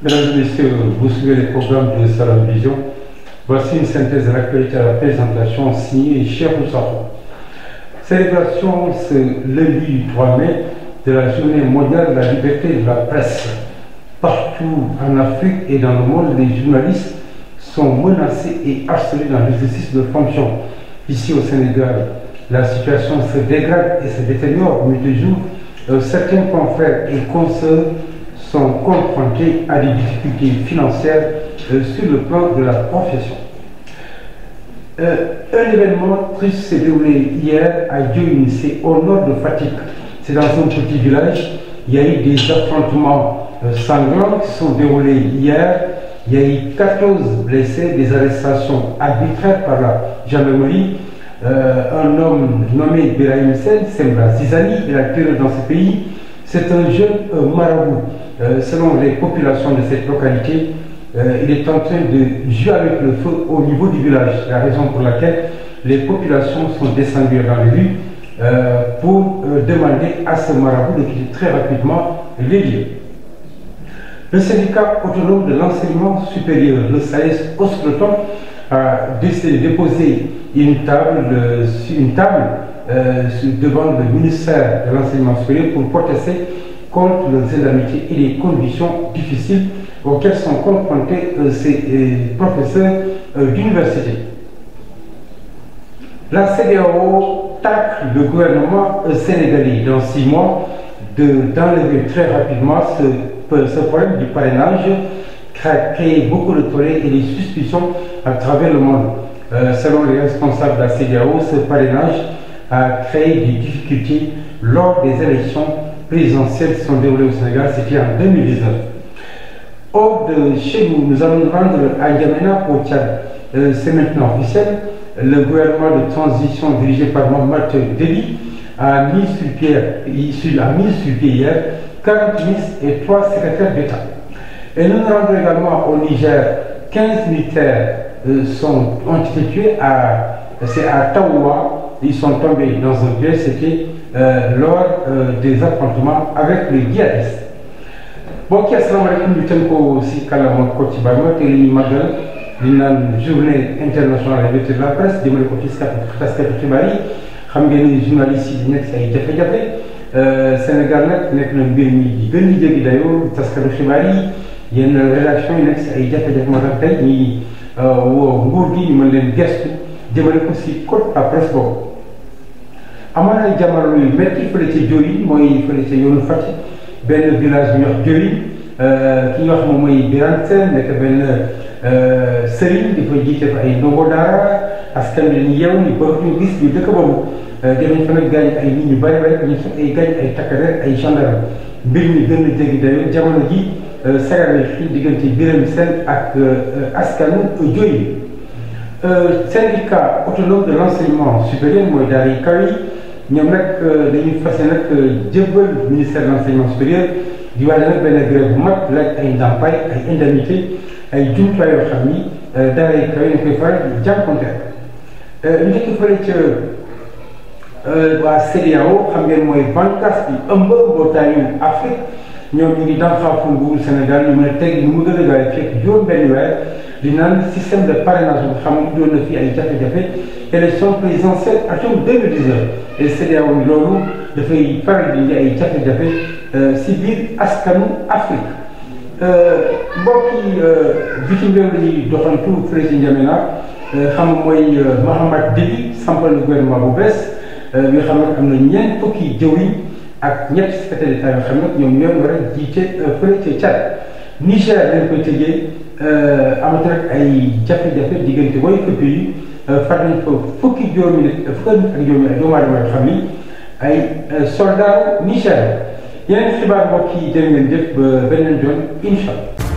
Mesdames et Messieurs, vous suivez les programmes de Salam Vision. Voici une synthèse de l'actualité à la présentation signée Cheikh Oussafou. Célébration ce lundi mai de la journée mondiale de la liberté de la presse. Partout en Afrique et dans le monde, les journalistes sont menacés et harcelés dans l'exercice de fonctions. Ici au Sénégal, la situation se dégrade et se détériore au milieu du jour. Certains et consoeurs sont confrontés à des difficultés financières euh, sur le plan de la profession. Euh, un événement triste s'est déroulé hier à Diounissé, au nord de Fatick. C'est dans un petit Il y a eu des affrontements euh, sanglants qui sont déroulés hier. Il y a eu blessés, des arrestations arbitraires par la gendarmerie. Euh, un homme nommé Birahim Sen, Sembla Zizani, il a tiré dans ce pays. C'est un jeune euh, marabout. Euh, selon les populations de cette localité, euh, il est en train de jouer avec le feu au niveau du village. La raison pour laquelle les populations sont descendues dans les rues euh, pour euh, demander à ce marabout de quitter très rapidement les lieux. Le syndicat autonome de l'enseignement supérieur, le SAES Oscroton, a e déposé une table, une table Euh, devant le ministère de l'enseignement supérieur pour protester contre les indemnités et les conditions difficiles auxquelles sont confrontés euh, ces euh, professeurs d'université. La CEDEAO tacle le gouvernement sénégalais dans six mois d'enlever très rapidement ce, problème du parrainage qui beaucoup de tollés et des suspicions à travers le monde. selon les responsables de la CEDEAO, ce parrainage a fait du lors des élections présidentielles qui sont déroulées au Sénégal, c'était en 2019. Hors de chez nous, nous allons nous rendre à Yamena au Tchad. Euh, c'est maintenant officiel. Le gouvernement de transition dirigé par Mohamed Deli a mis sur pied, a mis sur pied hier et 3 secrétaires d'État. Et nous nous également au Niger. 15 militaires euh, sont, ont à, à Taoua, ils sont tombés dans un piège, c'était euh, lors euh, des affrontements avec les djihadistes mbokk yi asalaamaaleykum ñu tënk ko si kàllaama ko ci bàyyi ma te li ñu màggal li naan journée internationale de la presse jëmale ko ci taskatu xibaar yi xam ngeen ni journaliste yi nekk si ay jafe-jafe euh, Sénégal nag nekk na mbir di gën di jéggi dayoo taskatu xibaar yi yenn nekk si ay jafe-jafe moo tax tey ñuy euh, woo nguur gi ñu mën leen gestu jëmale amoon ay jamono yu métti fële ca Diohine mooy fële ca yoonu Fatick benn village bu ñuy wax euh, ki ñuy wax moom mooy Birane Sène nekk benn euh, sëriñ di fa jiite fa ay ndongo daara askan wi dañuy yeewu ñu bëgg ñu gis ñu dëkk euh, ay nit ñu bari bari ay gaañ ay takk ay gendarme mbir mi jamono ji sagarne fii diggante Birane Sène ak askanu Diohine syndicat autonome de l'enseignement supérieur mooy daara yi yi ñoom nag euh, dañuy fase nag euh, jébbal ministère de l'enseignement supérieur di waale nag benn grève bu ay ndàmpaay ay indemnité ay jumtuwaay yoo xam ni euh, daara yi koy faral di jànkuwanteel ñu njëkk fële ca waa CEDEAO xam ngeen mooy bànqaas bi ëmb mbootaayu Afrique. ñoo ñu ngi danxaafu Sénégal ñu mën a teg ñu mu gën a gaawee fekk weer di naan système de parrainage bu xam ne doon na fi ay jafe-jafe élection présidentielle atum 2019 et CEDEAO bi loolu dafay faral di ay jafe-jafe euh, si biir askanu Afrique euh, mbokk yi euh, bitim réew la ñuy doxantu fële ci N'Djamena xam mooy Mahamat Déby sampal na gouvernement bu bees xam ne na ñeent fukki jëwriñ ak ñetti secrétaire d'État yoo xam ne ñoom ñoo war a jiite fële euh, ca Tchad Niger lañ koy tëjee euh, amatu rek ay jafe-jafe diggante woykatu yi euh, far nañ fa fukki juróomi nit fukki ak juróomi ak doomu aadama yoo xam ni ay soldat Niger yeneen xibaar mbokk yi jërë ngeen jëf ba beneen